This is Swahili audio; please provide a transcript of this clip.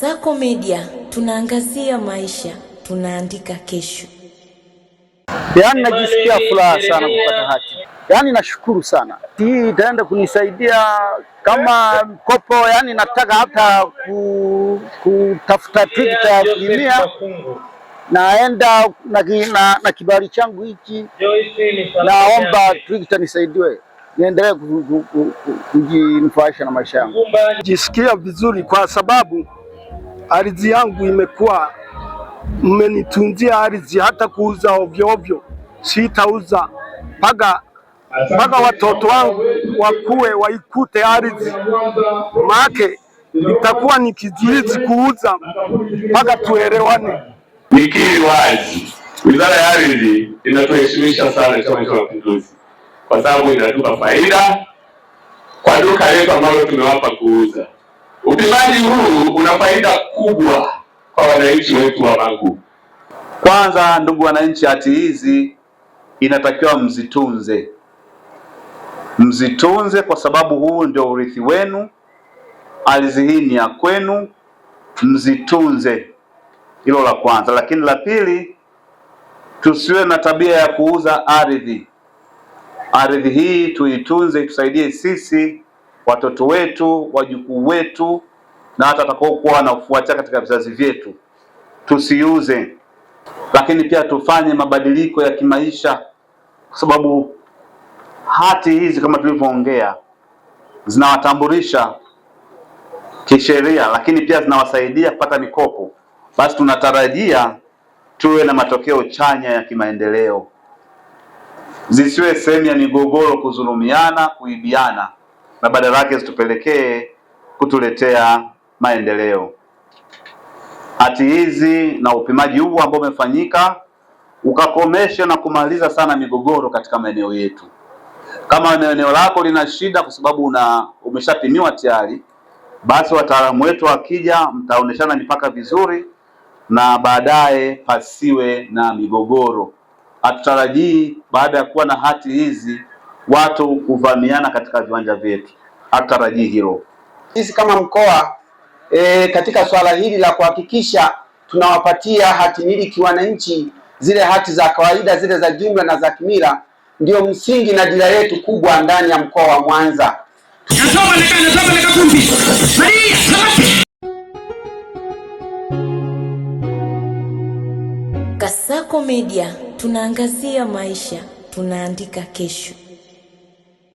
Sako Media tunaangazia maisha, tunaandika kesho. Yaani najisikia furaha sana kupata hati, yaani nashukuru sana. Hii itaenda kunisaidia kama mkopo, yaani nataka hata ku, kutafuta tikiti ya kulimia naenda na, na, na kibali changu hiki naomba TRICTA nisaidiwe niendelee kujinufaisha na maisha yangu. Jisikia vizuri kwa sababu ardhi yangu imekuwa mmenitunzia ardhi, hata kuuza ovyo ovyo sitauza mpaka mpaka watoto wangu wakuwe waikute ardhi make itakuwa ni kizuizi kuuza mpaka tuelewane. Nikiri wazi, wizara ya ardhi inatuheshimisha sana Chama cha Mapinduzi kwa sababu inatupa faida kwa duka letu ambalo tumewapa kuuza. Upimaji huu una faida kubwa kwa wananchi wetu wa Magu. Kwanza, ndugu wananchi, hati hizi inatakiwa mzitunze, mzitunze kwa sababu huu ndio urithi wenu, ardhi hii ni ya kwenu, mzitunze. Hilo la kwanza, lakini la pili, tusiwe na tabia ya kuuza ardhi. Ardhi hii tuitunze, itusaidie sisi watoto wetu, wajukuu wetu na hata watakaokuwa wanafuatia katika vizazi vyetu, tusiuze, lakini pia tufanye mabadiliko ya kimaisha, kwa sababu hati hizi kama tulivyoongea zinawatambulisha kisheria, lakini pia zinawasaidia kupata mikopo. Basi tunatarajia tuwe na matokeo chanya ya kimaendeleo, zisiwe sehemu ya migogoro, kuzulumiana, kuibiana na badala yake zitupelekee kutuletea maendeleo. Hati hizi na upimaji huu ambao umefanyika ukakomesha na kumaliza sana migogoro katika maeneo yetu. Kama eneo lako lina shida kwa sababu una umeshapimiwa tayari, basi wataalamu wetu wakija, mtaoneshana mipaka vizuri na baadaye pasiwe na migogoro. Hatutarajii baada ya kuwa na hati hizi watu kuvamiana katika viwanja vyetu, hatarajii hilo. Sisi kama mkoa e, katika swala hili la kuhakikisha tunawapatia hati miliki wananchi zile hati za kawaida zile za jumla na za kimila, ndio msingi na dira yetu kubwa ndani ya mkoa wa Mwanza. Kasako Media tunaangazia maisha, tunaandika kesho.